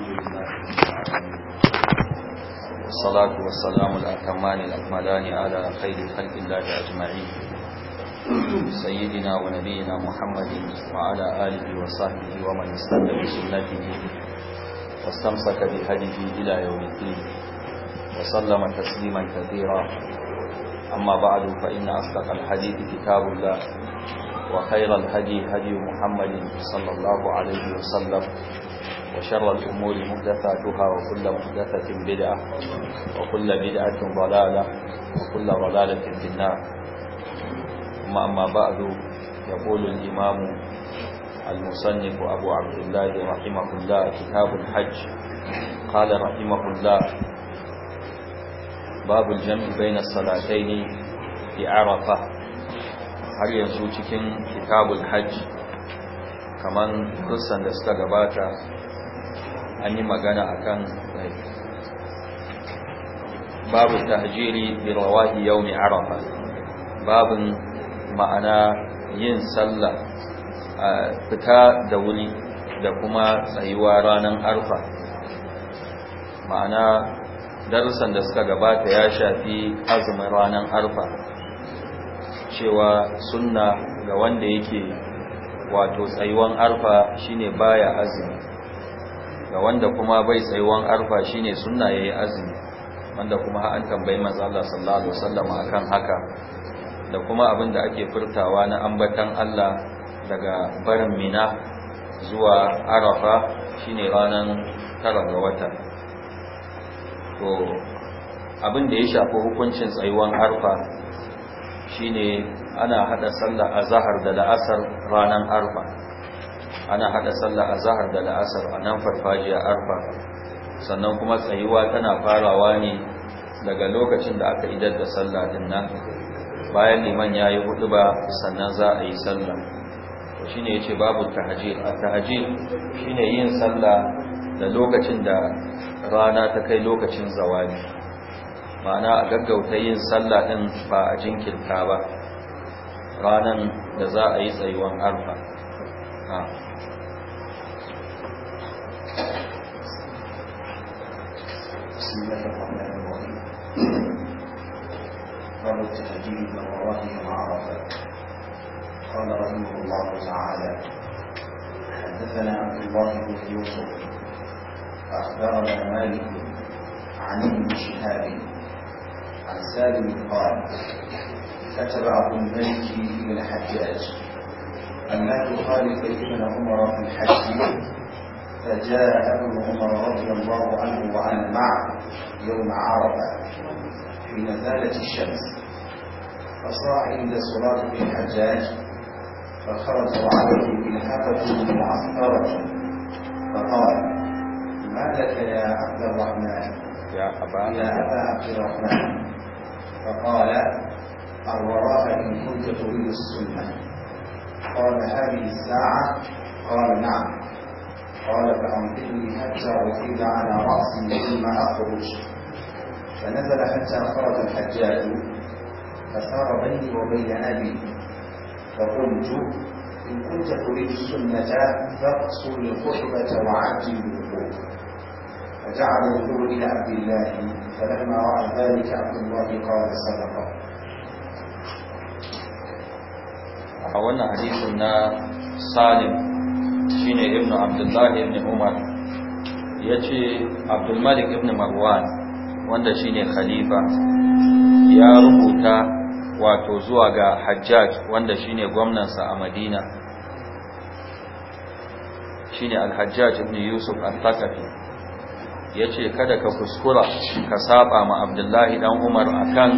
الحمد لله والصلاة والسلام الأكمان الأكملان على خير خلق الله أجمعين سيدنا ونبينا محمد وعلى آله وصحبه ومن استمع بسنته واستمسك بهديه إلى يوم الدين وسلم تسليما كثيرا أما بعد فإن أصدق الحديث كتاب الله وخير الهدي هدي محمد صلى الله عليه وسلم وشر الأمور محدثاتها وكل محدثة بدعة وكل بدعة ضلالة وكل ضلالة في النار ثم أما بعد يقول الإمام المصنف أبو عبد الله رحمه الله كتاب الحج قال رحمه الله باب الجمع بين الصلاتين في عرفة هل ينزو تكن كتاب الحج كمان درسا لستغباتا an yi magana akan babu tajiri bi rawahi ne arafa babu ma'ana yin sallah fita da wuri da kuma tsayuwa ranar arfa ma'ana darussan da suka gabata ya shafi azumin ranar arfa cewa sunna ga wanda yake wato tsayuwan arfa shine baya azumi ga wanda kuma bai tsayuwan arfa shine sunna yayi azumi wanda kuma an tambayi manzo Allah sallallahu alaihi wasallam akan haka da kuma abin da ake furtawa na ambatan Allah daga barin Mina zuwa Arafa shine ranan tara ga wata to abin da ya shafi hukuncin tsayuwan arfa shine ana hada a zahar da la'asar ranar arfa ana hada sallah azhar da la'asar a nan farfajiya arfa sannan kuma tsayuwa tana farawa ne daga lokacin da aka idar da sallah din nan bayan liman yayi ba sannan za a yi sallah to shine yace babu tahajjud at-tahajjud shine yin sallah da lokacin da rana ta kai lokacin zawali ma'ana a gaggauta yin sallah din ba a jinkirta ba ranan da za a yi tsayuwan arfa ah. بسم الله الرحمن الرحيم باب التهجير والرواهي عرفه. قال رحمه الله تعالى حدثنا عبد الله بن يوسف فاخبرنا مالك عن ابن شهاب عن سالم قال كتب عبد الملك بن الحجاج أن لا تخالف ابن عمر في الحج فجاء ابن عمر رضي الله عنه وعن معه يوم عرفة في نزاله الشمس فصاع عند صلاة الحجاج فخرج عليه بالهبة معسكرة فقال ما لك يا عبد الرحمن يا أبا يا أبا عبد الرحمن فقال الوراء إن كنت تريد السنة قال هذه الساعة قال نعم قال فأنقذني حتى أصيب على رأسي ثم أخرج فنزل حتى خرج الحجاج فصار بيني وبين أبي فقلت إن كنت تريد السنة فاقصر الخطبة وعجل الوقوف فجعل يقول إلى عبد الله فلما رأى ذلك عبد الله قال صدق a wannan hadisin na salim shine ibnu abdullahi ibn umar ya ce abdulmalik ibn marwan wanda shine khalifa ya rubuta wato zuwa ga hajjaj wanda shine gwamnansa a madina shine al-hajjaj ibn yusuf al-thaqafi yace kada ka kuskura ka saba ma abdullahi dan umar akan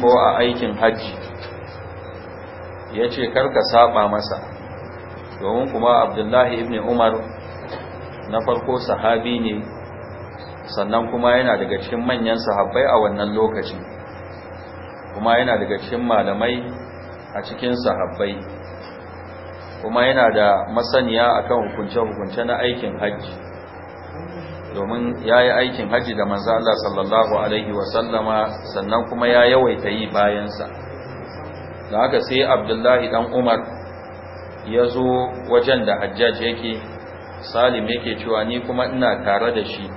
ko a aikin hajji. ya ce karka saba masa domin kuma abdullahi ibn umar na farko sahabi ne sannan kuma yana daga cikin manyan sahabbai a wannan lokaci kuma yana daga cikin malamai a cikin sahabbai kuma yana da masaniya akan hukunce-hukunce na aikin hajji domin ya yi aikin hajji da manzo Allah sallallahu alaihi wasallama sannan kuma ya yawaita yi bayansa da haka sai abdullahi dan umar ya zo wajen da hajjaj yake salim yake cewa ni kuma ina tare da shi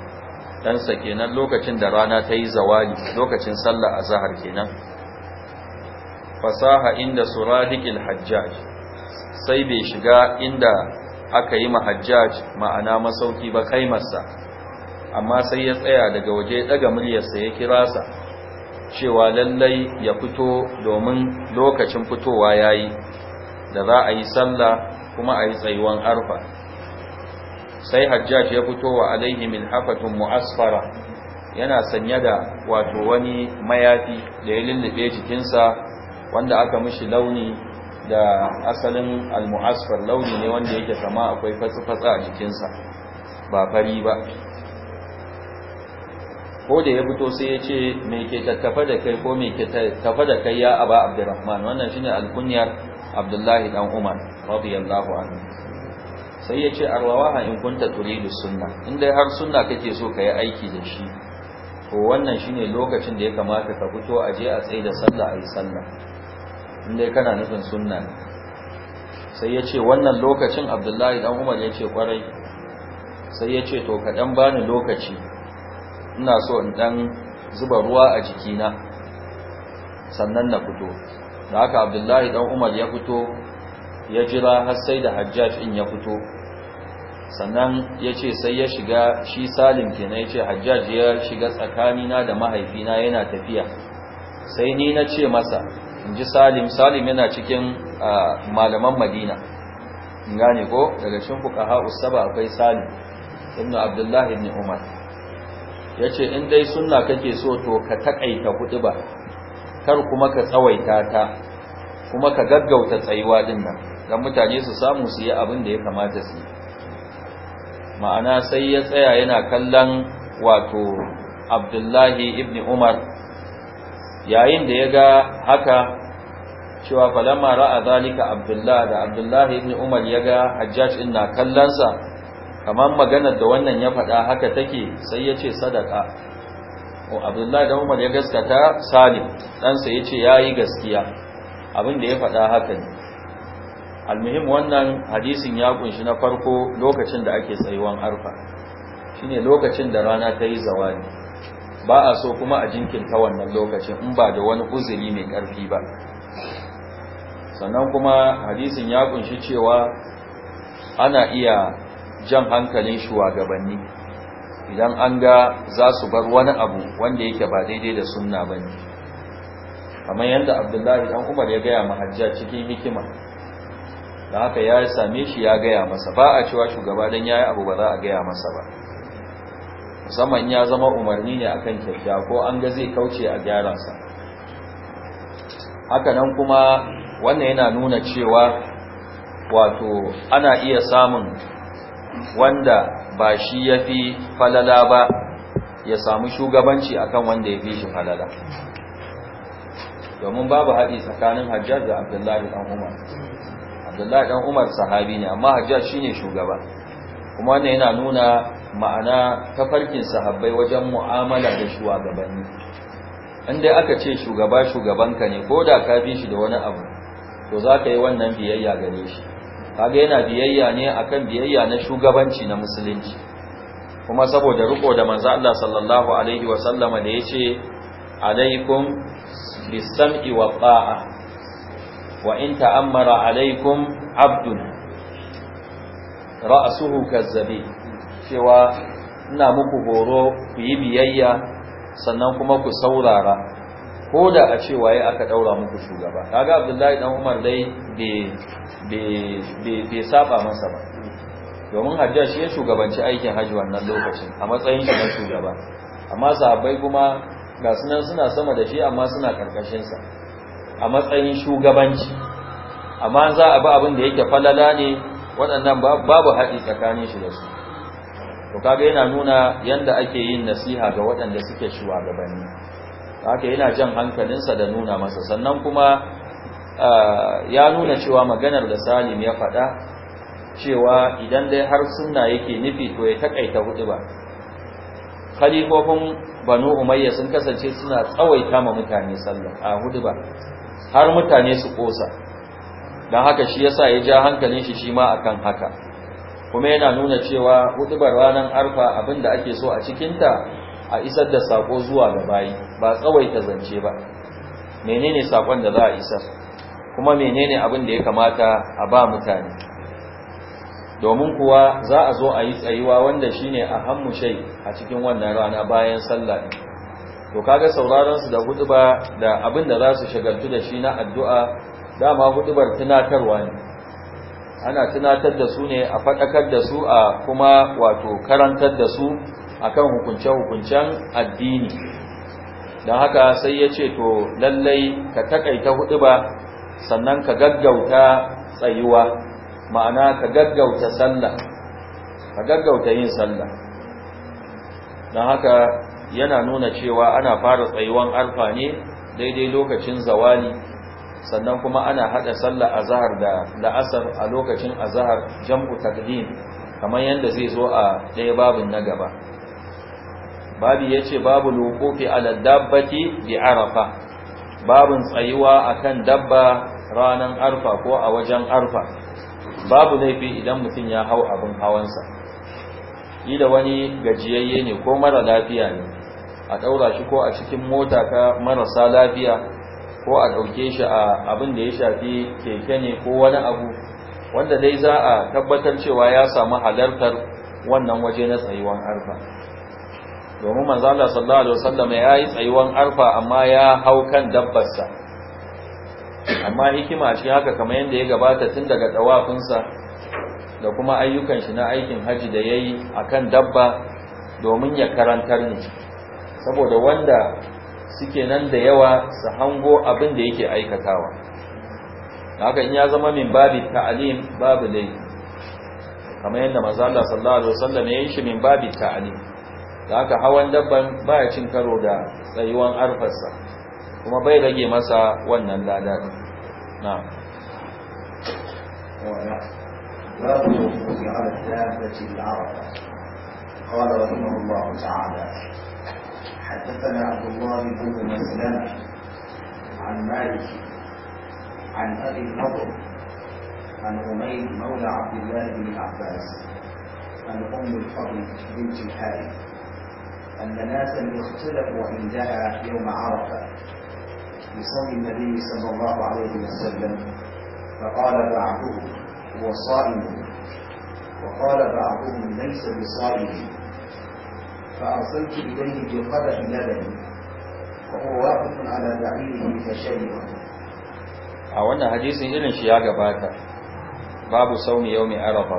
ɗansa kenan lokacin da rana ta yi zawali lokacin sallah a zahar kenan fasaha inda surahikil hajjaj sai bai shiga inda aka yi ma Hajjaj ma'ana masauki ba kaimarsa amma sai ya tsaya daga waje daga muryarsa ya kira sa cewa lallai ya fito domin lokacin fitowa ya yi da za a yi sallah kuma a yi tsayuwan arfa sai hajjaj ya fito wa alaihi min hafatun mu'asfara yana sanya da wato wani mayafi da ya lullube jikinsa wanda aka mishi launi da asalin almu'asfar launi ne wanda yake sama akwai fatsa fatsa a jikinsa ba fari ba ko da ya fito sai ya ce me ke tattafa da kai ko me ke tattafa da kai ya aba abdurrahman wannan shine alkunyar abdullahi dan umar radiyallahu anhu sai ya ce arwawaha in kunta turidu sunna in dai har sunna kake so ka yi aiki da shi to wannan shine lokacin da ya kamata ka fito a je a tsaye da sallah ayi sallah in dai kana nufin sunna sai ya ce wannan lokacin abdullahi dan umar ya ce kwarai sai ya ce to ka dan bani lokaci ina so in dan zuba ruwa a jikina sannan na fito da haka abdullahi dan umar ya fito ya jira har sai da hajjaj in ya fito sannan ya ce sai ya shiga shi salim na ya ce hajjaj ya shiga tsakanina da mahaifina yana tafiya sai ni na ce masa in ji salim salim yana cikin malaman madina gane ko daga shimfuka fuka ha'usaba akwai salim ibn abdullahi ibn umar ya ce in dai suna kake so to ka taƙaita kudu ba kar kuma ka tsawaita ta kuma ka gaggauta tsayuwa din nan don mutane su samu su yi abin da ya kamata su yi ma'ana sai ya tsaya yana kallon wato abdullahi ibn umar yayin da ya ga haka cewa falamma ra'a zalika abdullahi da abdullahi ibn umar ya ga hajjaj ina kallonsa kamar maganar da wannan ya faɗa haka take sai ya ce sadaka o abdullahi da umar ya gaskata salim ɗansa ya ce ya yi gaskiya abin da ya faɗa haka ne almuhim wannan hadisin ya kunshi na farko lokacin da ake tsayuwan arfa shine lokacin da rana ta yi zawani ba a so kuma a jinkinta wannan lokacin in ba da wani uzuri mai ƙarfi ba sannan kuma hadisin ya kunshi cewa ana iya jan hankalin shugabanni idan an ga za su bar wani abu wanda yake ba daidai da sunna ba ne kamar yadda abdullahi dan umar ya gaya mahajja cikin hikima da haka ya same shi ya gaya masa ba a cewa shugaba dan ya yi abu ba za a gaya masa ba musamman ya zama umarni ne akan kyakkyawa ko an ga zai kauce a gyaransa haka nan kuma wannan yana nuna cewa wato ana iya samun wanda ba shi ya fi falala ba ya samu shugabanci akan wanda ya fi shi falala domin babu haɗi tsakanin hajjar da abdullahi ɗan umar abdullahi ɗan umar sahabi ne amma Hajjaj shi ne shugaba kuma wannan yana nuna ma'ana tafarkin sahabbai wajen mu'amala da shugabanni inda aka ce shugaba shugabanka ne ko da ka fi shi da wani abu to za ka yi wannan biyayya gare shi kaga yana biyayya ne akan biyayya na shugabanci na musulunci kuma saboda riko da manzo Allah sallallahu alaihi wa sallama da yace alaikum bisam'i wa ta'a wa in ta'ammara alaikum abdun ra'suhu kazzabi cewa ina muku horo ku yi biyayya sannan kuma ku saurara ko da a ce waye aka daura muku shugaba kaga abdullahi dan umar dai bai saba masa ba domin hajjar shi ya shugabanci aikin hajji wannan lokacin a matsayin shi na shugaba amma sahabbai kuma ga sunan suna sama da shi amma suna karkashinsa a matsayin shugabanci amma za a ba abin da yake falala ne waɗannan babu haɗi tsakanin shi da su to kaga yana nuna yanda ake yin nasiha ga waɗanda suke shugabanni haka yana jan hankalinsa da nuna masa sannan kuma ya nuna cewa maganar da salim ya faɗa cewa idan dai har suna yake nufi to ya takaita hudu ba khalifofin banu umayya sun kasance suna tsawaita ma mutane sallah a hudu ba har mutane su kosa don haka shi yasa ya ja hankalin shi shi ma akan haka kuma yana nuna cewa hudubar ranar arfa abinda ake so a cikinta a isar da sako zuwa ga bayi ba ta zance ba menene sakon da za a isar kuma menene abin da ya kamata a ba mutane domin kuwa za a zo a yi tsayuwa wanda shine a hannu shai a cikin wannan rana bayan sallah ne, to kaga sauraron su da huduba da abin da za su shagaltu da shi na addu'a dama huɗubar tunatarwa ne ana tunatar da su ne a faɗakar da su a kuma wato karantar da su akan hukunce-hukuncen addini don haka sai ya ce to lallai ka takaita hudu ba sannan ka gaggauta tsayuwa ma'ana ka gaggauta sallah ka gaggauta yin sallah don haka yana nuna cewa ana fara tsayuwan arfa ne daidai lokacin zawali sannan kuma ana hada sallah azhar da la'asar a lokacin azhar jam'u taqdim kamar yadda zai zo a ɗaya babin na gaba babu ce babu lokofi ala dabbati bi arafa babun tsayuwa a kan dabba ranan arfa ko a wajen arfa babu laifi idan mutum ya hau abin hawansa da wani gajiyayye ne ko mara lafiya ne a ɗaura shi ko a cikin mota ka marasa lafiya ko a ɗauke shi a abin da ya shafi keke ne ko wani abu wanda dai za a tabbatar cewa ya samu halartar wannan waje na tsayuwan arfa domin manzo Allah sallallahu alaihi wasallam ya yi tsayuwan arfa amma ya hau kan dabbarsa amma hikima shi haka kamar yadda ya gabata tun daga tawafinsa da kuma ayyukan shi na aikin haji da yayi akan dabba domin ya karantar ni. saboda wanda suke nan da yawa su hango abin da yake aikatawa haka in ya zama min babi ta'alim babu dai kamar yadda manzo Allah sallallahu alaihi wasallam ya yi shi min babi ta'alim da haka hawan dabban baya cin karo da tsayuwan arfarsa kuma bai rage masa wannan lada na على الدابة العربة قال رحمه الله تعالى حدثنا عبد الله بن مسلم عن مالك عن أبي النضر عن عمير مولى عبد الله بن عباس عن أم الفضل بنت الحارث أن ناسا يختلفوا عندها يوم عرفة يصلي النبي صلى الله عليه وسلم فقال بعضهم هو صائم وقال بعضهم ليس بصائم فأرسلت إليه بقدر لبن وهو واقف على بعيره فشربه a wannan hadisin irin shi ya gabata babu saumi yaumi arafa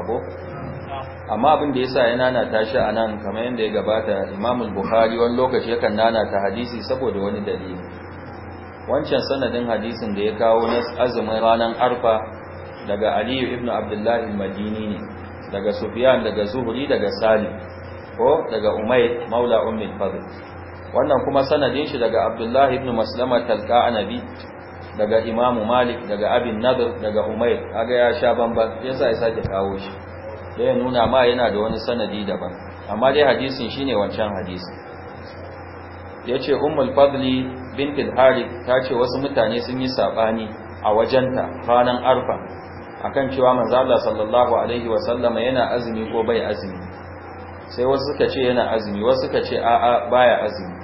amma abin da yasa ya nanata shi anan kamar yadda ya gabata Imam Bukhari wani lokaci yakan nana ta hadisi saboda wani dalili wancan sanadin hadisin da ya kawo na azumin ranar Arfa daga Ali ibn Abdullah al-Madini ne daga Sufyan daga Zuhri daga Salim ko daga Umayyah maula Ummi Fadl wannan kuma sanadin shi daga Abdullah ibn Maslama talqa anabi daga Imam Malik daga Abin Nadr daga Umayyah kaga ya sha bamban yasa ya sake kawo shi sai ya nuna ma yana da wani sanadi daban amma dai hadisin shine wancan hadisin yace ummul fadli bint al-harith tace wasu mutane sun yi sabani a wajenta ranan arfa akan cewa manzo Allah sallallahu alaihi sallama yana azumi ko bai azumi sai wasu suka ce yana azumi wasu suka ce a'a baya azumi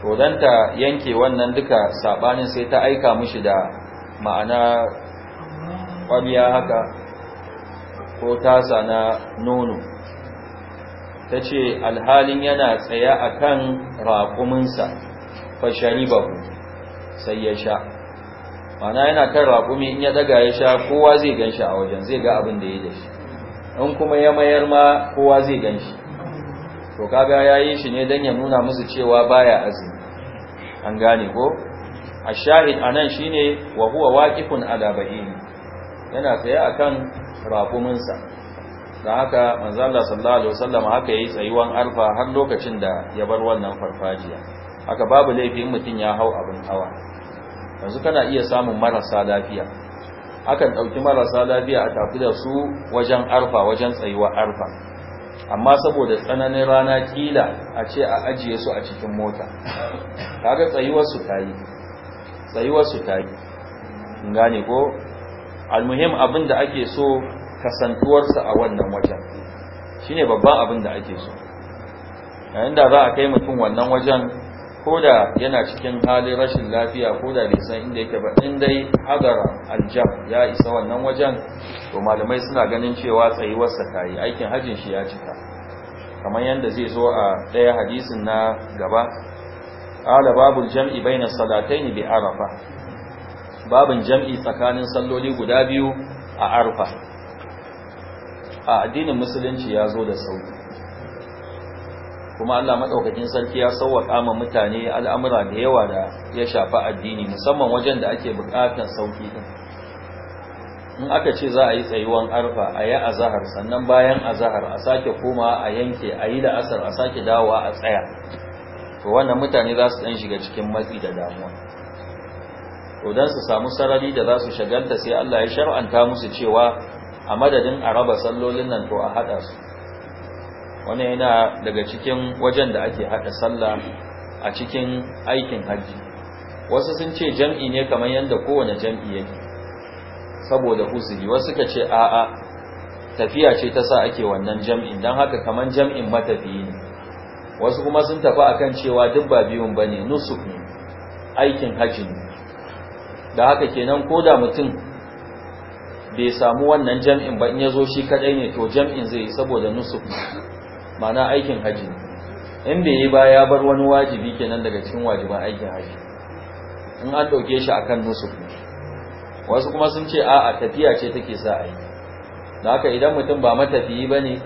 to dan ta yanke wannan duka sabanin sai ta aika mishi da ma'ana kwabiya haka ko tasa na nono ta ce alhalin yana tsaye a kan raƙuminsa fashari babu sai ya sha mana yana kan raƙumi in ya daga ya sha kowa zai gan shi a wajen zai ga abin da ya da shi in kuma ya mayar ma kowa zai gan shi to kaga ya yi shi ne don ya nuna musu cewa baya azumi an gane ko a shahid anan ne, wa huwa waƙifun ala yana tsaye kan raƙuminsa da haka manzala sallallahu alaihi wasallam haka yayi tsayuwan arfa har lokacin da ya bar wannan farfajiya haka babu laifin mutum ya hau abin hawa yanzu kana iya samun marasa lafiya akan ɗauki marasa lafiya a tafi da su wajen arfa wajen tsayuwa arfa amma saboda tsananin rana kila a ce a ajiye su a cikin mota kaga tsayuwar su tayi tsayuwar su tayi gane ko almuhim abin da ake so kasantuwarsa a wannan wajen shine babban abin da ake so yayin da za a kai mutum wannan wajen ko da yana cikin halin rashin lafiya ko da bai san inda yake ba in dai hadara aljam ya isa wannan wajen to malamai suna ganin cewa tsayuwarsa ta yi aikin hajjin shi ya cika kamar yadda zai zo a ɗaya hadisin na gaba ala babul jam'i bayna salataini bi arafa babin jam'i tsakanin salloli guda biyu a arfa a addinin musulunci ya zo da sauki kuma Allah madaukakin sarki ya sauƙa ma mutane al'amura da yawa da ya shafa addini musamman wajen da ake buƙatar sauƙi din in aka ce za a yi tsayuwan arfa a yi azahar sannan bayan azahar a sake koma a yanke a yi da asar a sake dawowa a tsaya to wannan mutane za su ɗan shiga cikin matsi da damuwa to dan su samu sarari da za su shagalta sai Allah ya shar'anta musu cewa a madadin a raba sallolin nan to a hada su wannan yana daga cikin wajen da ake hada sallah a cikin aikin haji wasu sun ce jam'i ne kamar yanda kowane jam'i yake saboda huzuri wasu suka ce a'a tafiya ce ta sa ake wannan jam'in dan haka kamar jam'in matafiyi ne wasu kuma sun tafi akan cewa duk ba biyun bane nusuk ne aikin haji ne da haka kenan ko da mutum bai samu wannan jam'in ba in ya zo shi kaɗai ne to jam'in zai yi saboda nusuf ma'ana aikin haji in bai yi ba ya bar wani wajibi kenan daga cikin wajiban aikin haji in an ɗauke shi a akan nusuf wasu kuma sun ce a'a tafiya ce take sa a yi da haka idan mutum ba matafiyi ba ne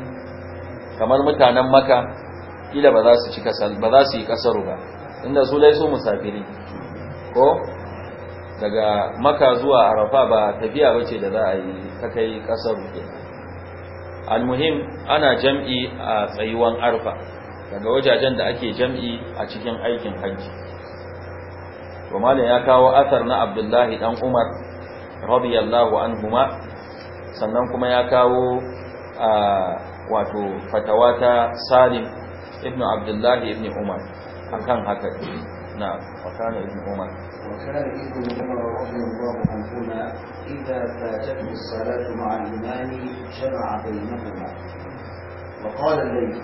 kamar mutanen maka kila ba za su yi kasaru ba inda su dai su musafiri ko daga maka zuwa arafa ba tafiya bace da za a yi ta kai kasar almuhim ana jam'i a tsayuwan arfa daga wajajen da ake jam'i a cikin aikin hajji to ya kawo asar na abdullahi dan umar radiyallahu anhuma sannan kuma ya kawo wato fatawa ta salim ibn abdullahi ibn umar akan haka na wakana ibn umar وكان ابن عمر رضي الله عنهما إذا فاتته الصلاة مع الإمام جمع بينهما وقال الليث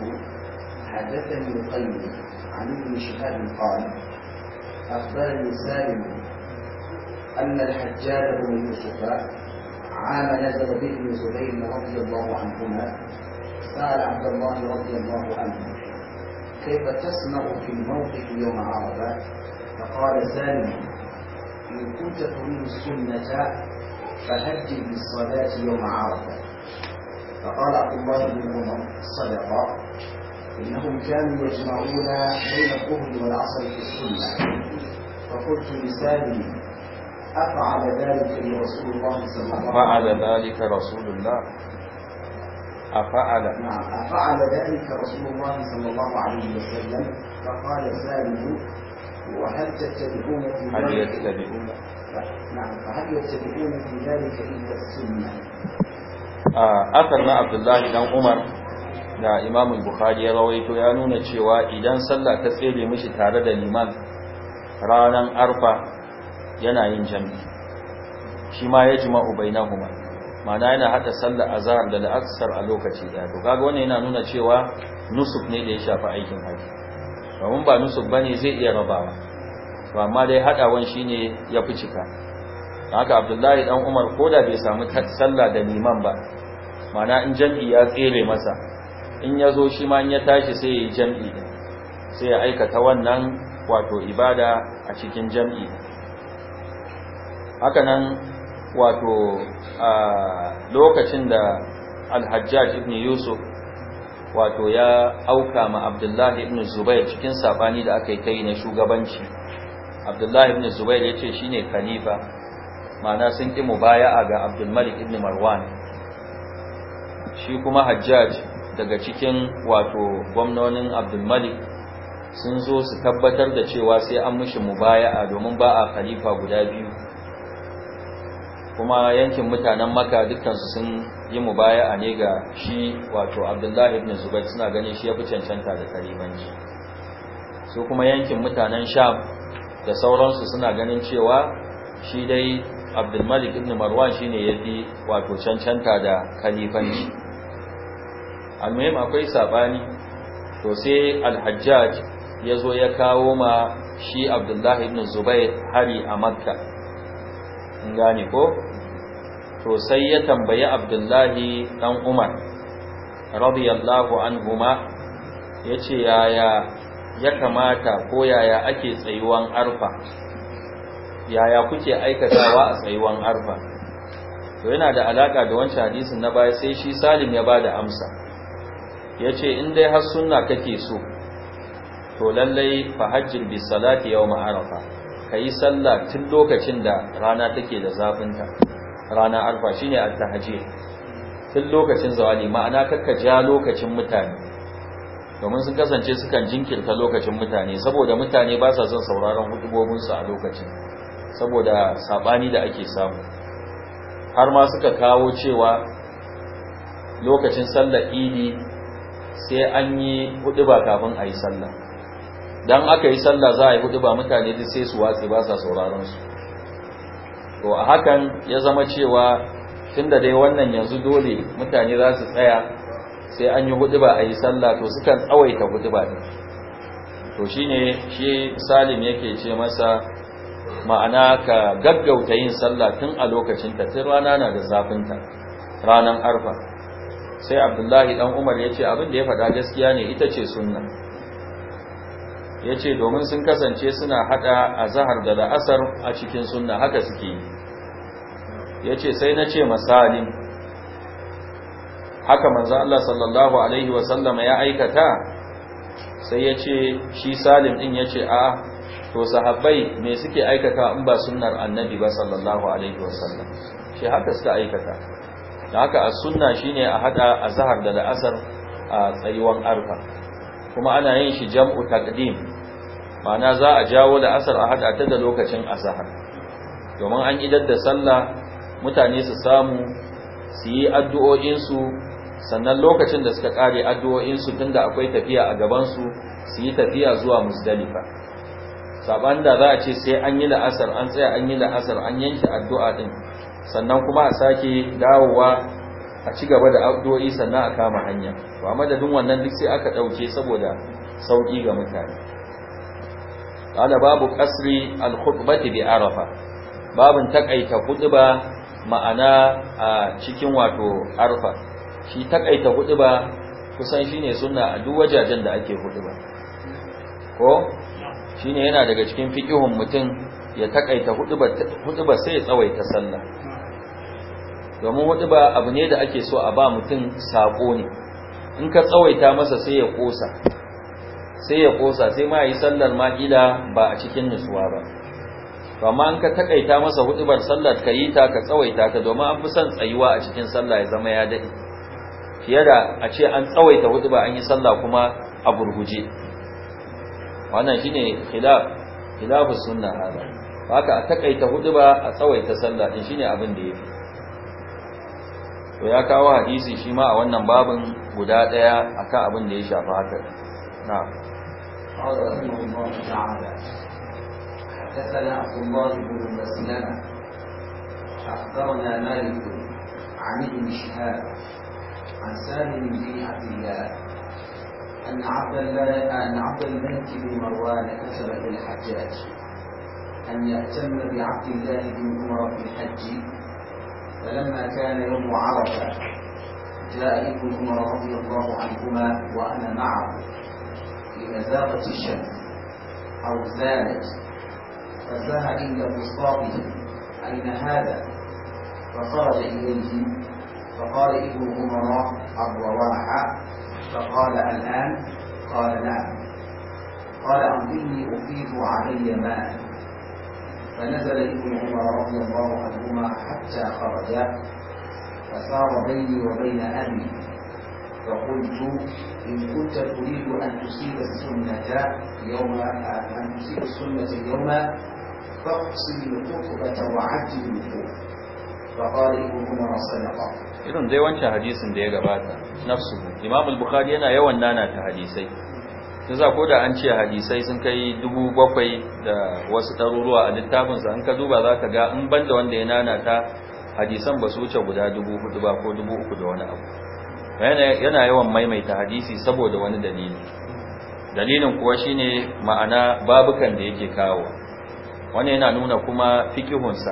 حدثني القيم عن ابن شهاب قال أخبرني سالم أن الحجاج بن يوسف عام نزل به ابن زبير رضي الله عنهما سأل عبد الله رضي الله عنه كيف تصنع في الموقف يوم عرفة فقال سالم إن كنت تريد السنة فهدد بالصلاة يوم عرفة فقال عبد الله بن عمر صدق إنهم كانوا يجمعون بين الظهر والعصر في السنة فقلت لسالم أفعل ذلك لرسول الله صلى الله عليه وسلم فعل ذلك رسول الله أفعل نعم أفعل ذلك رسول الله صلى الله عليه وسلم فقال سالم وهل تتبعون في هل يتبعون نعم فهل يتبعون في ذلك إلا na Abdullahi dan Umar da Imam Bukhari ya rawaito ya nuna cewa idan sallah ta tsere mishi tare da liman ranan arfa yana yin jami shi ma ya jima'u bainahuma ma'ana yana hada sallar azhar da la'asar a lokaci daya to kaga wannan yana nuna cewa nusuf ne da ya shafi aikin haji domin ba ba ne zai iya rabawa ba amma dai hadawan shine ya fi cika haka abdullahi Ɗan umar ko da bai samu sallah da liman ba mana in jam'i ya tsere masa in ya zo shi ma in ya tashi sai ya yi jam'i sai ya aikata wannan wato ibada a cikin jam'i haka nan wato a lokacin da alhajjaj ibn yusuf wato ya auka ma abdullahi ibn zubair cikin sabani da aka yi kai na shugabanci abdullahi ibn zubair ya ce shine khalifa ma'ana sun ƙi mubaya'a ga abdulmalik ibn marwan shi kuma hajjaj daga cikin wato gwamnonin abdulmalik sun zo su tabbatar da cewa sai an mishi mubaya'a domin ba a khalifa guda biyu kuma yankin mutanen maka dukkansu sun yi mu baya a ne ga shi wato abdullahi ibn zubair suna ganin shi ya fi cancanta da kalimanci su kuma yankin mutanen sham da sauransu suna ganin cewa shi dai abdulmalik ibn marwan shi ne ya fi wato cancanta da kalifanci almuhim akwai saɓani to sai alhajjaj ya zo ya kawo ma shi abdullahi ibn zubair hari a makka in gane ko to sai ya tambayi abdullahi dan umar radiyallahu anhuma yace yaya ya kamata ko yaya ake tsayuwan arfa yaya kuke aikatawa a tsayuwan arfa to yana da alaka da wancan hadisin na baya sai shi salim ya bada amsa yace in dai har sunna kake so to lallai fa hajjil bi salati ka yi sallah tun lokacin da rana take da zafinta rana arfa shi ne attahajir tun lokacin zawali ma'ana kakka ja lokacin mutane domin sun kasance sukan jinkirta lokacin mutane saboda mutane ba sa son sauraron hudubobinsu a lokacin saboda saɓani da ake samu har ma suka kawo cewa lokacin sallar idi sai an yi hudu ba kafin a yi sallah dan aka yi sallah za a yi hudu ba mutane duk sai su watsi ba sa sauraron su to a hakan ya zama cewa tunda dai wannan yanzu dole mutane za su tsaya sai an yi hudu ba a yi sallah to sukan tsawaita hudu ba to shine shi Salim yake ce masa ma'ana ka gaggauta yin sallah tun a lokacin ta tun rana na da zafin ta ranan arfa sai Abdullahi dan Umar ya ce abin da ya faɗa gaskiya ne ita ce sunna ya ce domin sun kasance suna hada a zahar da la'asar a cikin suna haka suke yi ya ce sai na ce misali haka manzo Allah sallallahu alaihi wasallama ya aikata sai ya ce shi salim din ya ce a to sahabbai me suke aikata in ba sunnar annabi ba sallallahu alaihi wasallam shi haka suka aikata da haka a sunna shine a hada a zahar da la'asar a tsayuwan arfa kuma ana yin shi jam'u taqdim ma'ana za a jawo da asar a haɗa ta da lokacin azahar domin an idar da sallah mutane su samu su yi addu'o'insu sannan lokacin da suka kare addu'o'insu tun da akwai tafiya a gabansu su yi tafiya zuwa musdalifa saban da za a ce sai an yi la'asar an tsaya an yi la'asar an yanke addu'a ɗin sannan kuma a sake dawowa a ci gaba da addu'o'i sannan a kama hanya ba madadin wannan duk sai aka ɗauke saboda sauƙi ga mutane قال باب قصر الخطبة بعرفة باب تقيت خطبة معنا cikin wato arfa shi takaita huduba kusan shine sunna a duk wajajen da ake huduba ko shine yana daga cikin fiqihun mutum ya takaita huduba sai ya tsawaita sallah domin huduba abu ne da ake so a ba mutum sako ne in ka tsawaita masa sai ya kosa sai ya kosa sai ma yi sallar ma ba a cikin nutsuwa ba amma an ka takaita masa hudubar sallar ka yi ta ka tsawaita ta domin an fi son tsayuwa a cikin sallah ya zama ya daɗe. fiye da a ce an tsawaita hudubar an yi sallah kuma a burguje wannan shine ne khilafu sunna hada haka a takaita hudubar a tsawaita sallah din shine abin da fi to ya kawo hadisi shi ma a wannan babin guda a akan abin da ya shafa haka نعم قال رحمه الله تعالى حدثنا عبد الله بن مسلمة أخبرنا مالك عن ابن شهاب عن سالم بن عبد الله أن عبد الله أن عبد الملك بن مروان كتب للحجاج أن يهتم بعبد الله بن عمر في الحج فلما كان يوم عرفة جاء ابن عمر رضي الله عنهما وأنا معه بنزاغة الشمس أو زالت فزاه عند فسطاطه أين هذا فخرج إليه فقال ابن عمر الرواحة فقال الآن قال نعم قال أنظرني أفيض علي ماء فنزل ابن عمر رضي الله عنهما حتى خرجا فسار بيني وبين أبي فقلت إن كنت تريد أن تصيب السنة يوم أن تصيب السنة اليوم فاقصد الخطبة وعدل الخوف فقال ابن عمر صدقه irin dai wancan hadisin da ya gabata nafsu imam al-bukhari yana yawan nana ta hadisai za ko da an ce hadisai sun kai dubu bakwai da wasu ɗaruruwa a littafinsa in ka duba za ka ga in banda wanda ya nana ta hadisan ba su wuce guda dubu hudu ba ko dubu uku da wani abu yana yawan maimaita hadisi saboda wani dalili dalilin kuwa shine ma'ana babukan da yake kawo wani yana nuna kuma fikihunsa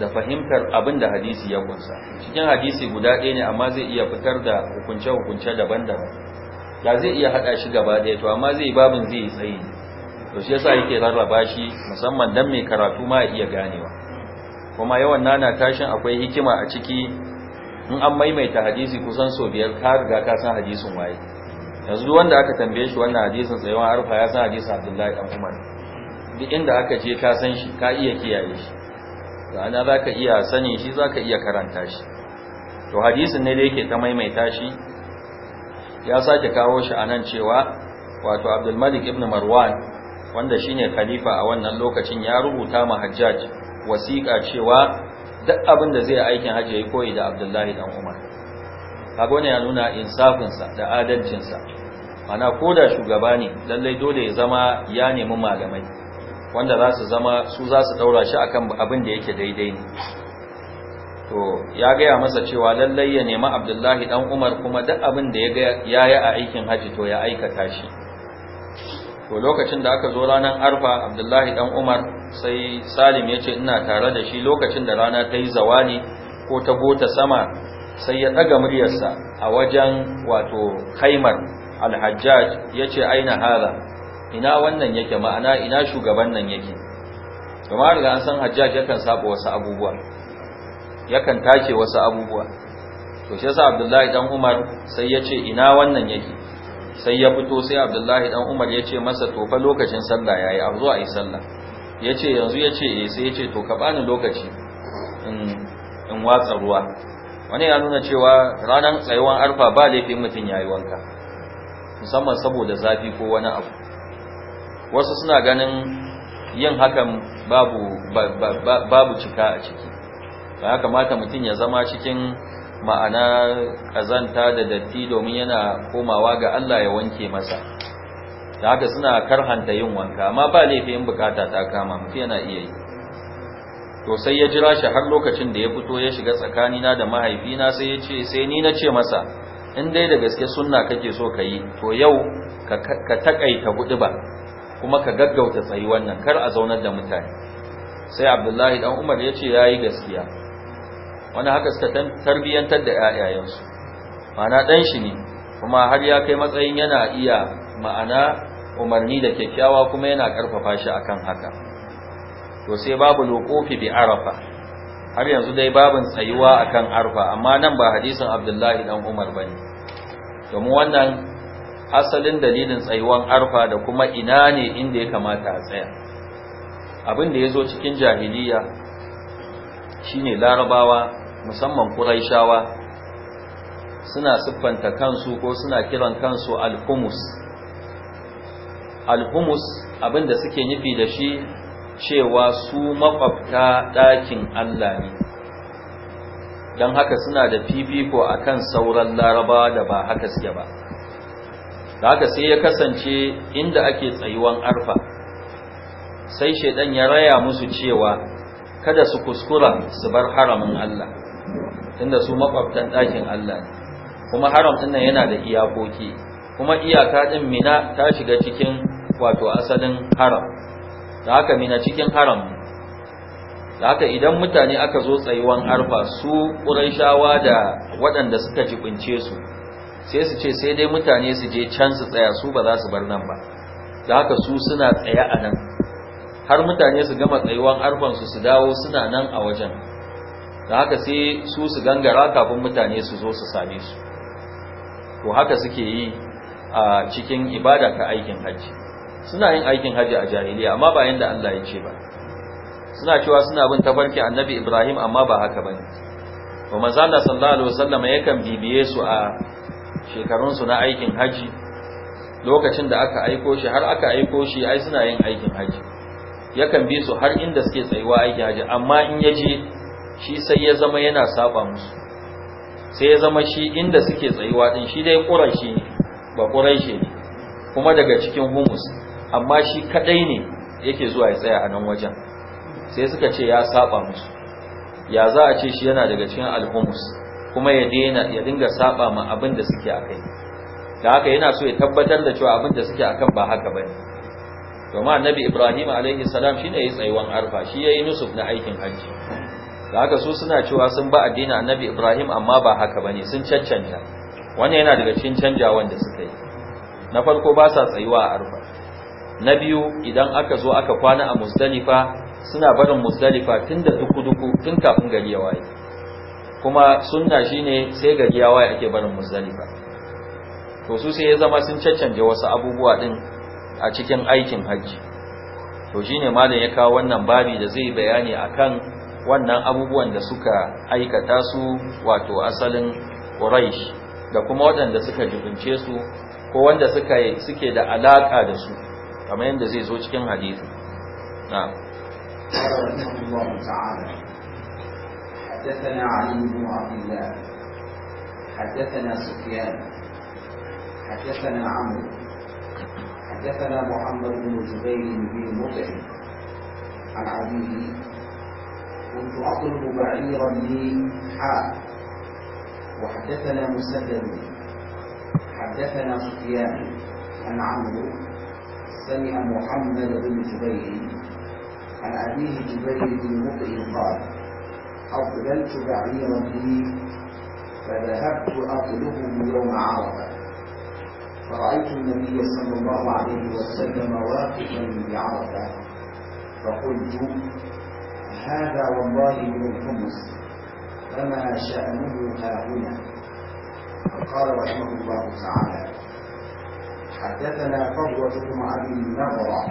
da fahimtar abin da hadisi ya kunsa cikin hadisi guda ɗaya ne amma zai iya fitar da hukunce-hukunce daban-daban da zai iya haɗa shi gaba ɗaya to amma zai babin zai yi tsayi to shi yasa yake rarraba shi musamman dan mai karatu ma ya iya ganewa kuma yawan nana tashin akwai hikima a ciki in an maimaita hadisi kusan so biyar ka riga ka san hadisin waye yanzu wanda aka tambaye shi wannan hadisin tsayawan arfa ya san hadisin abdullahi dan umar duk inda aka je ka san shi ka iya kiyaye shi ana za ka iya sani shi za ka iya karanta shi to hadisin ne da yake ta maimaita shi ya sake kawo shi a nan cewa wato abdulmalik ibn marwan wanda shine khalifa a wannan lokacin ya rubuta ma hajjaj wasiƙa cewa duk abin da zai aikin hajji ya yi koyi da abdullahi dan umar kaga ne ya nuna insafinsa da adalcinsa mana ko da shugaba ne lallai dole ya zama ya nemi malamai wanda za su zama su za su daura shi akan abin da yake daidai ne to ya gaya masa cewa lallai ya nemi abdullahi dan umar kuma duk abin da ya yi a aikin hajji to ya aikata shi to lokacin da aka zo ranar arfa abdullahi dan umar sai salim ya ce ina tare da shi lokacin da rana ta yi zawani ko ta gota sama sai ya ɗaga muryarsa a wajen wato haimar alhajjaj ya ce aina hala ina wannan yake ma'ana ina shugaban nan yake kuma riga an san hajjaj yakan saba wasu abubuwa yakan take wasu abubuwa to shi yasa abdullahi dan umar sai ya ce ina wannan yake sai ya fito sai abdullahi dan umar ya ce masa to fa lokacin sallah yayi a zuwa yi sallah ya ce yanzu ya ce eh, sai ya ce to ka bani lokaci in watsa ruwa wani ya nuna cewa ranar tsayuwan arfa ba laifin mutum ya yi wanka musamman saboda zafi ko wani abu wasu suna ganin yin hakan babu cika a ciki ba ya kamata mutum ya zama cikin ma'ana kazanta da datti domin yana komawa ga Allah ya wanke masa da haka suna karhanta yin wanka amma ba laifi in bukata ta kama mutum yana iya yi to sai ya jira shi har lokacin da ya fito ya shiga tsakanina da mahaifina sai ya ce sai ni na ce masa in dai da gaske sunna kake so ka yi to yau ka takaita gudu ba kuma ka gaggauta tsayi wannan kar a zaunar da mutane sai abdullahi dan umar ya ce ya yi gaskiya wani haka suka tarbiyyantar da 'ya'yayensu ma'ana ɗan shi ne kuma har ya kai matsayin yana iya ma'ana umarni da kyakkyawa kuma yana karfafa shi akan haka to sai babu lokofi bi arafa har yanzu dai babin tsayuwa akan arfa amma nan ba hadisin abdullahi dan umar bane mu wannan asalin dalilin tsayuwan arfa da kuma ina ne inda ya kamata a tsaya abin da yazo cikin jahiliya shine larabawa musamman quraishawa suna siffanta kansu ko suna kiran kansu al alhumus abinda suke nufi da shi cewa su makwabta ɗakin Allah ne don haka suna da fifiko a kan sauran laraba da ba haka suke ba da haka sai ya kasance inda ake tsayuwan arfa sai shaidan ya raya musu cewa kada su kuskura su bar haramin Allah inda su makwabtan ɗakin Allah ne kuma haram nan yana da iyakoki kuma iyaka din mina ta shiga cikin wato asalin haram da haka mina cikin haram da haka idan mutane aka zo tsayuwan arfa su ƙuraishawa da waɗanda suka jibince su sai su ce sai dai mutane su je can su tsaya su ba za su bar nan ba da haka su suna tsaye a nan har mutane su gama tsayuwan arfan su su dawo suna nan a wajen da haka sai su su gangara kafin mutane su zo su same su to haka suke yi a cikin ibada ta aikin haji suna yin aikin haji a jahiliya amma ba yanda Allah ya ce ba suna cewa suna bin tafarki annabi Ibrahim amma ba haka bane wa manzo Allah sallallahu alaihi wasallam yakan bibiye su a shekarun su na aikin haji lokacin da aka aiko shi har aka aiko shi ai suna yin aikin haji yakan bi su har inda suke tsayuwa aikin haji amma in yaje shi sai ya zama yana saba musu sai ya zama shi inda suke tsayuwa din shi dai ƙurashi ne ba ƙuraishe ne kuma daga cikin humus amma shi kadai ne yake zuwa ya tsaya a nan wajen sai suka ce ya saba musu ya za a ce shi yana daga cikin alhumus kuma ya daina ya dinga saba ma abin da suke a kai da haka yana so ya tabbatar da cewa abin da suke a kan ba haka ba ne domin annabi ibrahim alaihi salam shine yayi tsayuwan arfa shi ya yi nusuf na aikin hajji da haka su suna cewa sun ba addini annabi ibrahim amma ba haka bane sun cancanta wannan yana daga cikin canjawan da suka yi na farko ba sa tsayuwa a arfa na biyu idan aka zo aka kwana a musdalifa suna barin musdalifa tun da duku-duku tun kafin gari ya waye kuma sunna shine sai gari ya waye ake barin musdalifa to su sai ya zama sun caccanje wasu abubuwa din a cikin aikin hajji to shine malam ya kawo wannan babi da zai bayani akan wannan abubuwan da suka aikata su wato asalin quraish da kuma waɗanda suka jibince su ko wanda suka suke da alaka da su kamar yadda zai zo cikin hadisi na'am حدثنا علي بن عبد الله حدثنا سفيان حدثنا عمرو حدثنا محمد بن جبير بن مطعم عن عبيد كنت اطلب بعيرا لي حاء وحدثنا مسلم حدثنا سفيان عن عمرو سمع محمد بن جبير عن أبيه جبير بن مطعم قال أضللت بعيرا لي فذهبت أطلبه يوم عرفة فرأيت النبي صلى الله عليه وسلم واقفا بعرفة فقلت هذا والله من الحمص فما شأنه ها هنا قال رحمه الله تعالى حدثنا فضوة بن أبي النضرة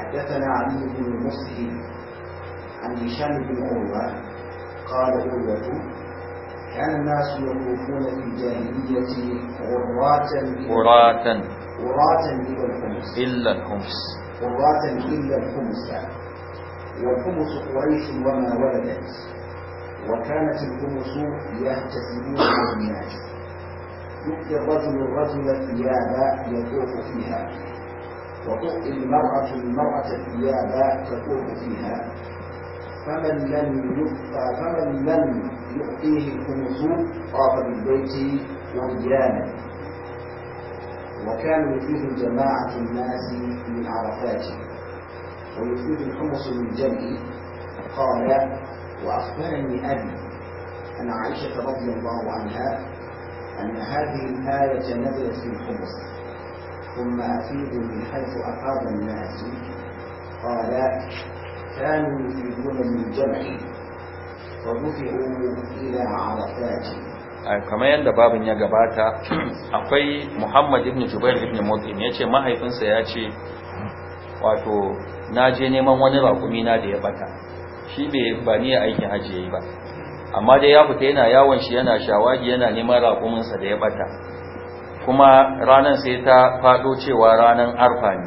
حدثنا علي بن مسلم عن هشام بن عروة قال عروة كان الناس يطوفون في الجاهلية غراتا غراتا غراتا إلا الخمس إلا الخمس غراتا إلا الخمس والخمس قريش وما ولدت وكانت الجنس يهتزمون بالناس يؤتي الرجل الرجل ثيابا يطوف فيها وتؤتي المرأة المرأة ثيابا تطوف فيها فمن لم يؤتى فمن لم يؤتيه الأنس طاف بالبيت وديانا وكان يفيد جماعة الناس من عرفات ويفيد الحمص من جمع قال وأخبرني أبي أن عائشة رضي الله عنها أن هذه الآية نزلت في الخمس ثم أفيد من حيث أفاد الناس قال كانوا يفيدون من جمع فدفعوا إلى عرفات kamar yadda babin ya gabata akwai muhammad ibn jubair ibn mut'im ya ce mahaifinsa ya ce wato na je neman wani rakumi na da ya bata shi ba ni aikin hajji yayi ba amma dai ya fita yana yawon shi yana shawagi yana neman raƙuminsa da ya bata kuma ranar sai ta faɗo cewa ranar arfa ne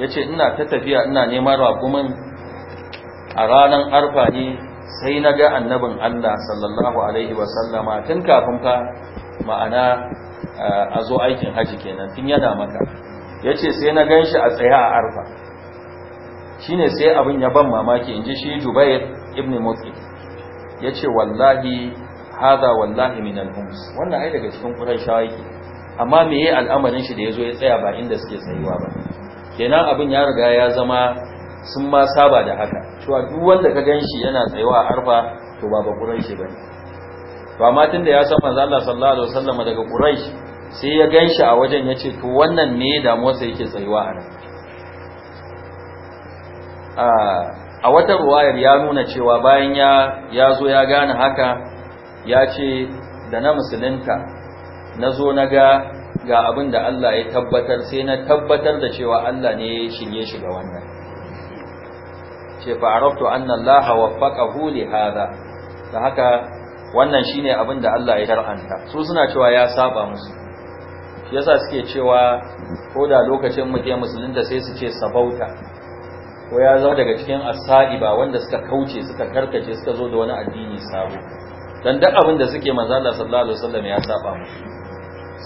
ya ce ina ta tafiya ina neman raƙumin a ranar arfa ne sai na ga annabin allah sallallahu alaihi wasallama tun kafin fa ma'ana a zo aikin haji kenan tun yana maka ya ce sai na gan shi a tsaye a arfa Shi ne sai abin ya ban mamaki inji shi Jubair ibn Mut'im yace wallahi hada wallahi min al-hums wannan ai daga cikin Quraishawa yake amma me yi al'amarin shi da yazo ya tsaya ba inda suke tsayuwa ba kenan abin ya riga ya zama sun ma saba da haka cewa duk wanda ka ganshi yana tsayuwa a arfa to ba ba Quraishi bane to amma tunda ya san manzo Allah sallallahu alaihi wasallam daga Quraish sai ya ganshi a wajen ya ce to wannan ne da damuwarsa yake tsayuwa a nan a wata ruwayar ya nuna cewa bayan ya zo ya gane haka ya ce da na musulunta na zo na ga ga abin da Allah ya tabbatar sai na tabbatar da cewa Allah ne ya shirye shi ga wannan ce fa'arabtu anna Allah waffaqahu li hada da haka wannan shine abin da Allah ya kar'anta. su suna cewa ya saba musu yasa suke cewa ko da lokacin muke musulunta sai su ce sabauta ko ya zama daga cikin asadi ba wanda suka kauce suka karkace suka zo da wani addini sabo dan duk abin da suke manzo Allah sallallahu alaihi wasallam ya saba musu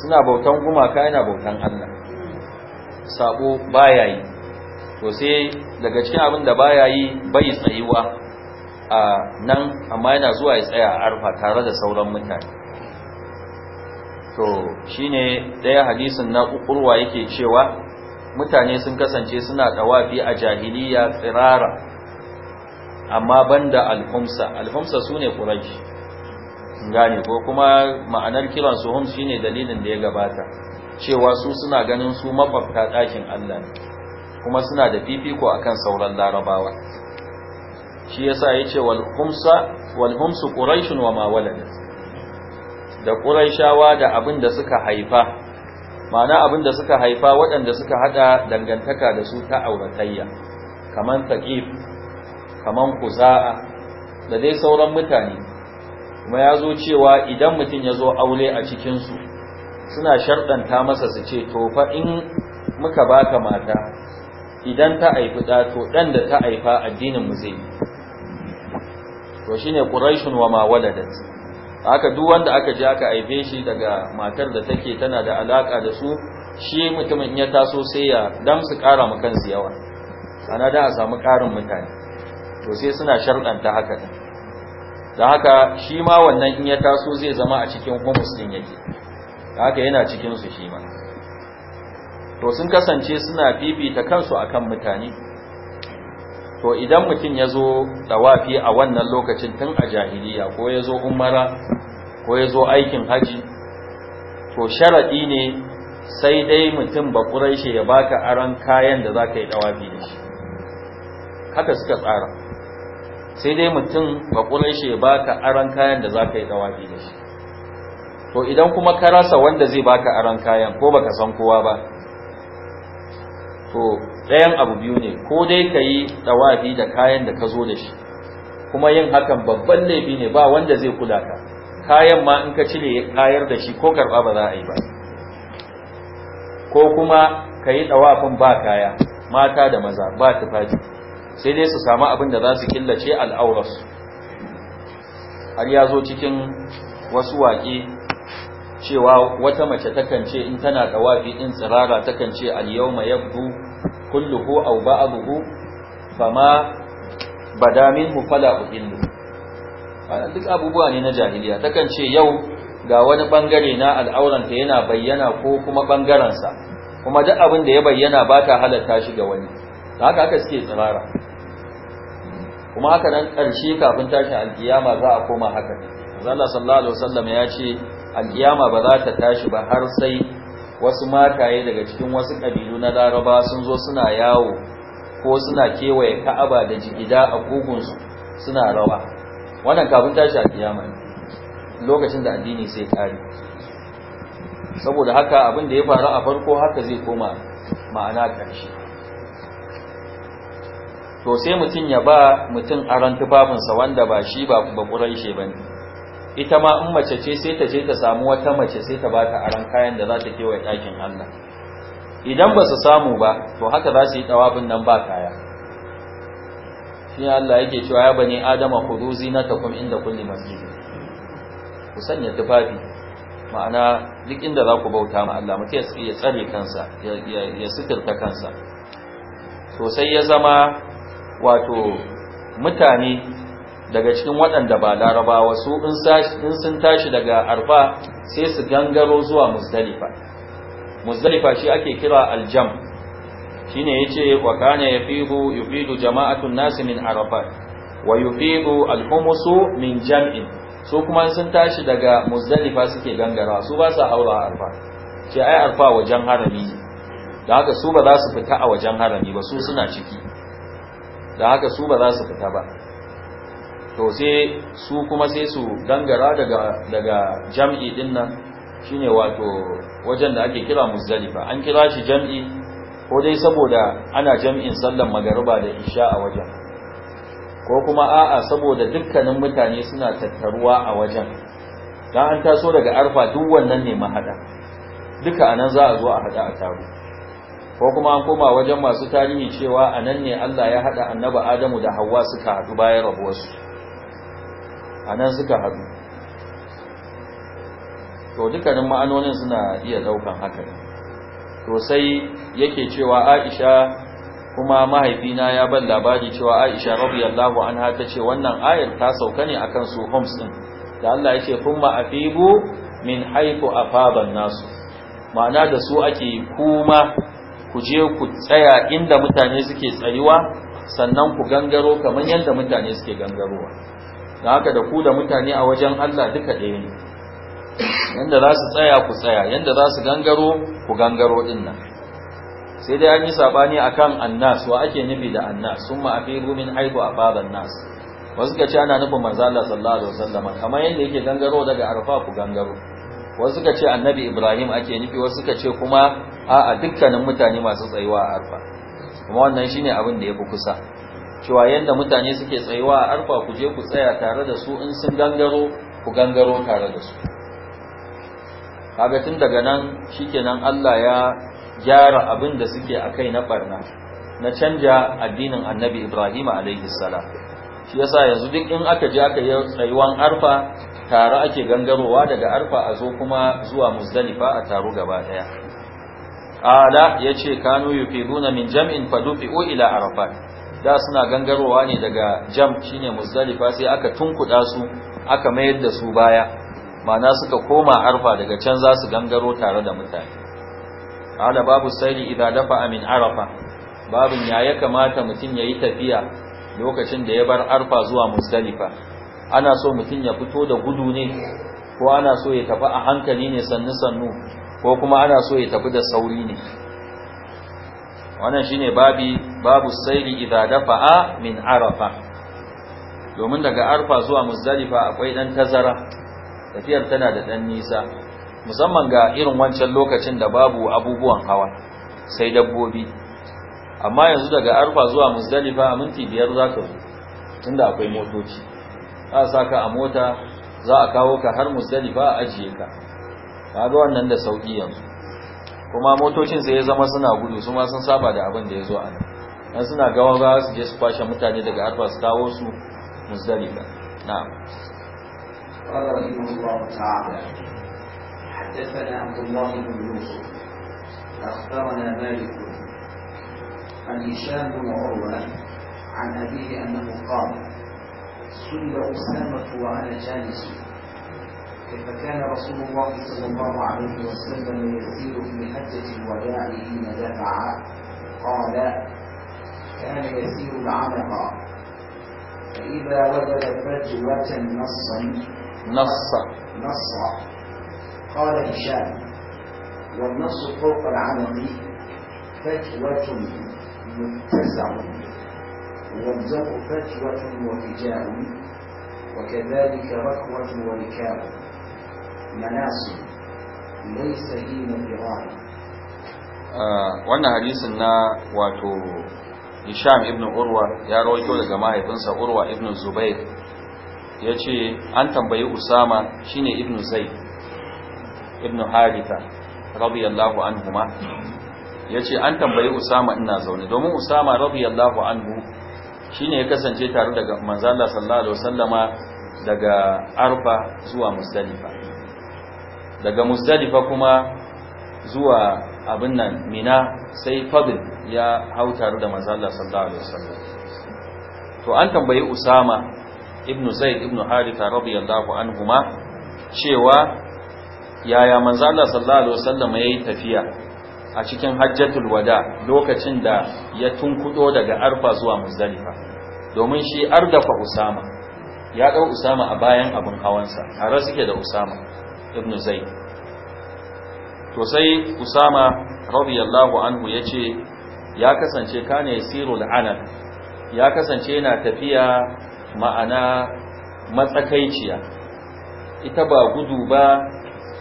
suna bautan gumaka yana bautan Allah sabo baya yi to sai daga cikin abin da baya yi bai tsayuwa a nan amma yana zuwa ya tsaya a arfa tare da sauran mutane to shine daya hadisin na ukurwa yake cewa mutane sun kasance suna tawafi a jahiliya tsirara amma banda alhumsa alhumsa sune quraish gane ko kuma ma'anar kiran su hum shine dalilin da ya gabata cewa su suna ganin su makwabta dakin Allah ne kuma suna da fifiko akan sauran larabawa shi yasa yace wal humsa wal humsu quraish wa ma da quraishawa da abin da suka haifa ma'ana da suka haifa waɗanda suka haɗa dangantaka da su ta auratayya kaman taqif kaman kuza'a da dai sauran mutane kuma yazo cewa idan mutum ya zo aure a cikin su suna sharɗanta masa su ce to fa in muka baka mata idan ta haifi da to dan da ta haifa addinin mu zai to shine quraishun wa ma waladat haka duk wanda aka je aka aibe shi daga matar da take tana da alaka da su shi mutumin ya taso sai ya su kara mu kansu yawa ana da a samu karin mutane to sai suna sharɗanta haka da haka shi ma wannan in ya taso zai zama a cikin humus din yake haka yana cikin su shi ma to sun kasance suna fifita kansu akan mutane to idan mutum ya zo tsawafi a wannan lokacin tun a jahiliya ko ya zo umara ko ya zo aikin haji to sharaɗi ne sai dai mutum ba shi ya baka aron kayan da za ka yi tsawafi da shi haka suka tsara sai dai mutum ba shi ya baka aron kayan da za ka yi tsawafi da shi to idan kuma ka rasa wanda zai baka aron kayan ko baka san kowa ba to ɗayan abu biyu ne ko dai ka yi tsawafi da kayan da ka zo da shi kuma yin hakan babban laifi ne ba wanda zai kula ka kayan ma in ka cire kayar da shi ko karɓa ba za a yi ba ko kuma ka yi tsawafin ba kaya mata da maza ba tufafi sai dai su samu abin da za su killace al'aurarsu har ya zo cikin wasu waƙe cewa wata mace takan ce in tana wafi din tsirara takan ce al-yawma yabdu kulluhu aw ba'dahu fama badamin mu fala uhillu duk abubuwa ne na jahiliya takan ce yau ga wani bangare na ta yana bayyana ko kuma bangaren sa kuma duk abin da ya bayyana ba ta halatta shi ga wani haka aka suke tsirara kuma haka nan karshe kafin tashin alkiyama za a koma haka ne Allah sallallahu alaihi wasallam ya ce alkiyama ba za ta tashi ba har sai wasu mataye daga cikin wasu ƙabilu na laraba sun zo suna yawo ko suna kewaye ka'aba da jigida a kogunsu suna rawa wannan kafin tashi alkiyama ne lokacin da addini sai kare saboda haka abin da ya faru a farko haka zai koma ma'ana ƙarshe to sai mutum ya ba mutum aron tufafinsa wanda ba shi ba shi ba ne ita ma in mace ce sai ta je ta samu wata mace sai ta bata aran kayan da za ta ke wa ɗakin Allah idan ba su samu ba to haka za su yi tawafin nan ba kaya shi Allah yake cewa ya bani adama khudu zinatakum inda kulli masjid ku sanya tufafi ma'ana duk inda za ku bauta ma Allah mutum ya tsare kansa ya sutirta kansa to sai ya zama wato mutane daga cikin waɗanda ba larabawa su in sun tashi daga arfa sai su gangaro zuwa muzdalifa muzdalifa shi ake kira aljam Shi ne ya ce wa kana yafidu yufidu jama'atun nasi min arafa wa yufidu alhumusu min jam'in su kuma sun tashi daga muzdalifa suke gangara su ba sa haura arfa ce ai arfa wajen harami da haka su ba za su fita a wajen harami ba su suna ciki da haka su ba za su fita ba to sai su kuma sai su dangara daga daga jam'i din nan shine wato wajen da ake kira muzdalifa an kira shi jam'i ko dai saboda ana jam'in sallar magariba da isha a wajen ko kuma a'a saboda dukkanin mutane suna tattaruwa a wajen dan an taso daga arfa duk wannan ne mahada duka anan za a zo a hada a taro ko kuma an koma wajen masu tarihi cewa anan ne Allah ya hada annabi Adamu da Hawwa suka haɗu bayan rabuwarsu a nan suka haɗu to dukkanin ma'anonin suna iya ɗaukan haka to sai yake cewa aisha kuma mahaifina ya ban labari cewa aisha radiyallahu anha ta ce wannan ayar ta sauka ne akan su homs din da Allah ya ce afibu min a afaba nasu ma'ana da su ake kuma ku je ku tsaya inda mutane suke tsayuwa sannan ku gangaro kamar yadda mutane suke gangarowa da haka da ku da mutane a wajen Allah duka ɗaya ne Yadda za su tsaya ku tsaya yadda za su gangaro ku gangaro ɗin nan sai dai an yi a akan annas wa ake nufi da annas summa rumin haihu a afadan nas wasu ka ce ana nufin manzo sallallahu alaihi kamar yanda yake gangaro daga arfa ku gangaro wasu ka ce annabi ibrahim ake nufi wasu ka ce kuma a'a dukkanin mutane masu tsayuwa a arfa kuma wannan shine abin da ya fi kusa cewa yadda mutane suke tsayuwa a arfa ku je ku tsaya tare da su in sun gangaro ku gangaro tare da su kaga tun daga nan shikenan Allah ya gyara abin da suke a kai na barna na canja addinin Annabi Ibrahim alaihi salam shi yasa yanzu duk in aka je aka yi tsayuwan arfa tare ake gangarowa daga arfa a zo kuma zuwa muzdalifa a taro gaba daya ala yace kanu yufiduna min jam'in fadufi'u ila arafat da suna gangarowa ne daga jam shine muzdalifa sai aka tunkuda su aka mayar da su baya ma'ana suka koma arfa daga can za su gangaro tare da mutane ala babu saili idan dafa amin arafa babin ya ya kamata mutum yayi tafiya lokacin da ya bar arfa zuwa muzdalifa ana so mutum ya fito da gudu ne ko ana so ya tafi a hankali ne sannu sannu ko kuma ana so ya tafi da sauri ne wannan shine babi babu saili idza dafa min arafa domin daga arfa zuwa muzdalifa akwai ɗan tazara tafiyar tana da ɗan nisa musamman ga irin wancan lokacin da babu abubuwan hawa sai dabbobi amma yanzu daga arfa zuwa muzdalifa a minti biyar za ka zo tunda akwai motoci za a saka a mota za a kawo ka har muzdalifa a ajiye ka kaga wannan da sauki yanzu kuma motocin sai ya zama suna gudu su ma sun saba da abin da ya zo a nan dan suna gawa ba su je su kwashe mutane daga arfa su kawo su muzdalifa na'am qala rahimahullah ta'ala حدثنا عبد الله بن يوسف اخبرنا مالك عن هشام بن عروه عن ابيه انه قال سئل اسامه وانا جالس رسول الله صلى الله عليه وسلم يسير في حجة الوداع حين دفع قال كان يسير العلقة فإذا وجد فجوة نصا نصا نصا قال هشام والنص فوق العنق فجوة متسع والزق فجوة وفجاء وكذلك ركوة وركاب مناس ليس دين الغاية آه وانا حديثنا واتو hisham ibn urwa ya rawaito daga mahaifinsa urwa ibn zubair ya ce an tambayi usama shine ibn zaid ibn haritha radiyallahu anhuma ya ce an tambayi usama ina zaune domin usama radiyallahu anhu shine ya kasance tare daga manzala sallallahu alaihi wasallama daga arfa zuwa Muzdalifa daga Muzdalifa kuma zuwa abin nan mina sai fadl ya hau tare da manzo Allah sallallahu alaihi wasallam to an tambayi Usama ibn Zaid ibn Haritha radiyallahu anhuma cewa yaya manzo Allah sallallahu alaihi wasallam yayi tafiya a cikin hajjatul wada lokacin da ya tunkudo daga Arfa zuwa Muzdalifa domin shi ardafa Usama ya dau Usama a bayan abin hawansa tare suke da Usama ibn Zaid to sai Usama radiyallahu anhu yace ya kasance kane siru, la'ana. ya kasance yana tafiya ma'ana matsakaiciya ita ba gudu ba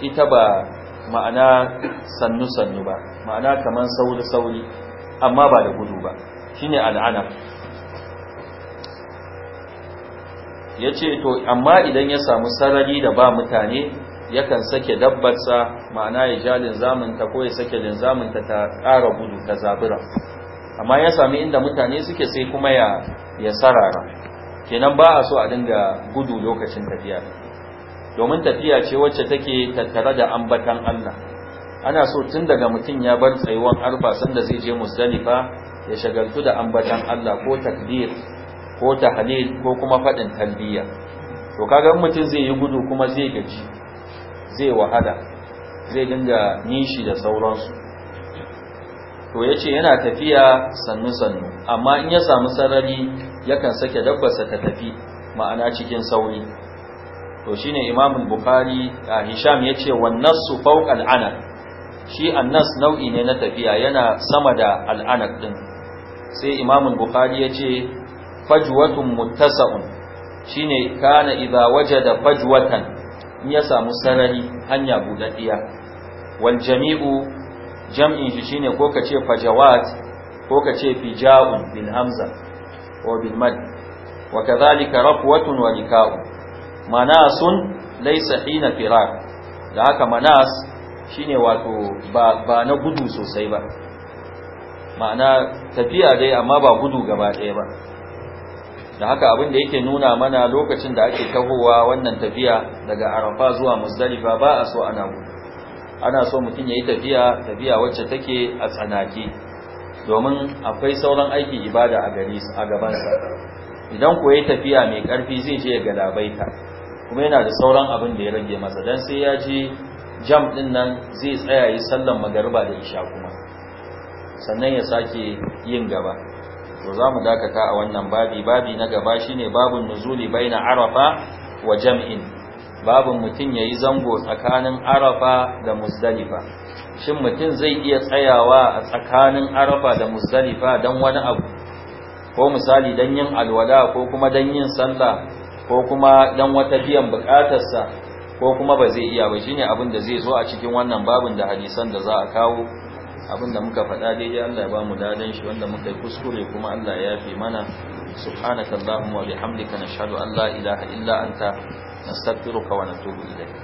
ita ba ma'ana sannu sannu ba ma'ana kamar sauri sauri amma ba da gudu ba ne shine Ya ce to amma idan ya samu sarari da ba mutane yakan sake dabbarsa ma'ana ya ja linzaminta ko ya sake linzaminta ta ƙara gudu ta zabura amma ya sami inda mutane suke sai kuma ya ya sarara kenan ba a so a dinga gudu lokacin tafiya domin tafiya ce wacce take tattare da ambatan Allah ana so tun daga mutum ya bar tsayuwan arba sanda zai je musdalifa ya shagaltu da ambatan Allah ko takbir ko tahlil ko kuma faɗin talbiya to kaga mutum zai yi gudu kuma zai gaji zai wahala zai dinga nishi da sauransu to ya ce yana tafiya sannu-sannu amma in ya samu sarari yakan sake dabbarsa ta tafi ma'ana cikin sauri to shine imamul bukhari a hisham ya ce wannan su fauk al'anar shi annas nau'i ne na tafiya yana sama da al'anar ɗin sai Imamin bukhari ya ce fajwatun muttasa'un shine kana idza wajada fajwatan in ya samu sarari hanya budaddiya wal jami'u jam'in shi shine ko kace fajawat ko kace fija'un bil hamza ko bil mad wa kadhalika rafwatun wa nikau manasun laysa hina firaq da haka manas shine wato ba na gudu sosai ba ma'ana tafiya dai amma ba gudu gaba ɗaya ba da haka abin da yake nuna mana lokacin da ake tahowa wannan tafiya daga arafa zuwa muzdalifa ba a so ana gudu ana so mutum ya yi tafiya tafiya wacce take a tsanaki domin akwai sauran aiki ibada a gari a gabansa idan ko yi tafiya mai karfi zai je ya labaita, kuma yana da sauran abin da ya rage masa dan sai ya je jam din nan zai tsaya yi sallan magariba da isha kuma sannan ya sake yin gaba to za mu dakata a wannan babi babi na gaba shine babun nuzuli baina arafa wa jam'in babun mutum yayi zango tsakanin arafa da muzdalifa shin mutum zai iya tsayawa a tsakanin arafa da muzdalifa don wani abu ko misali don yin alwala ko kuma don yin sallah ko kuma don wata biyan bukatarsa ko kuma ba zai iya ba shine abin da zai zo a cikin wannan babun da hadisan da za a kawo abinda muka faɗa daidai Allah ya bamu ladan shi wanda muka yi kuskure kuma Allah ya yafe mana subhanaka allahumma wa bihamdika nashhadu an la ilaha illa anta nastaghfiruka wa natubu ilayk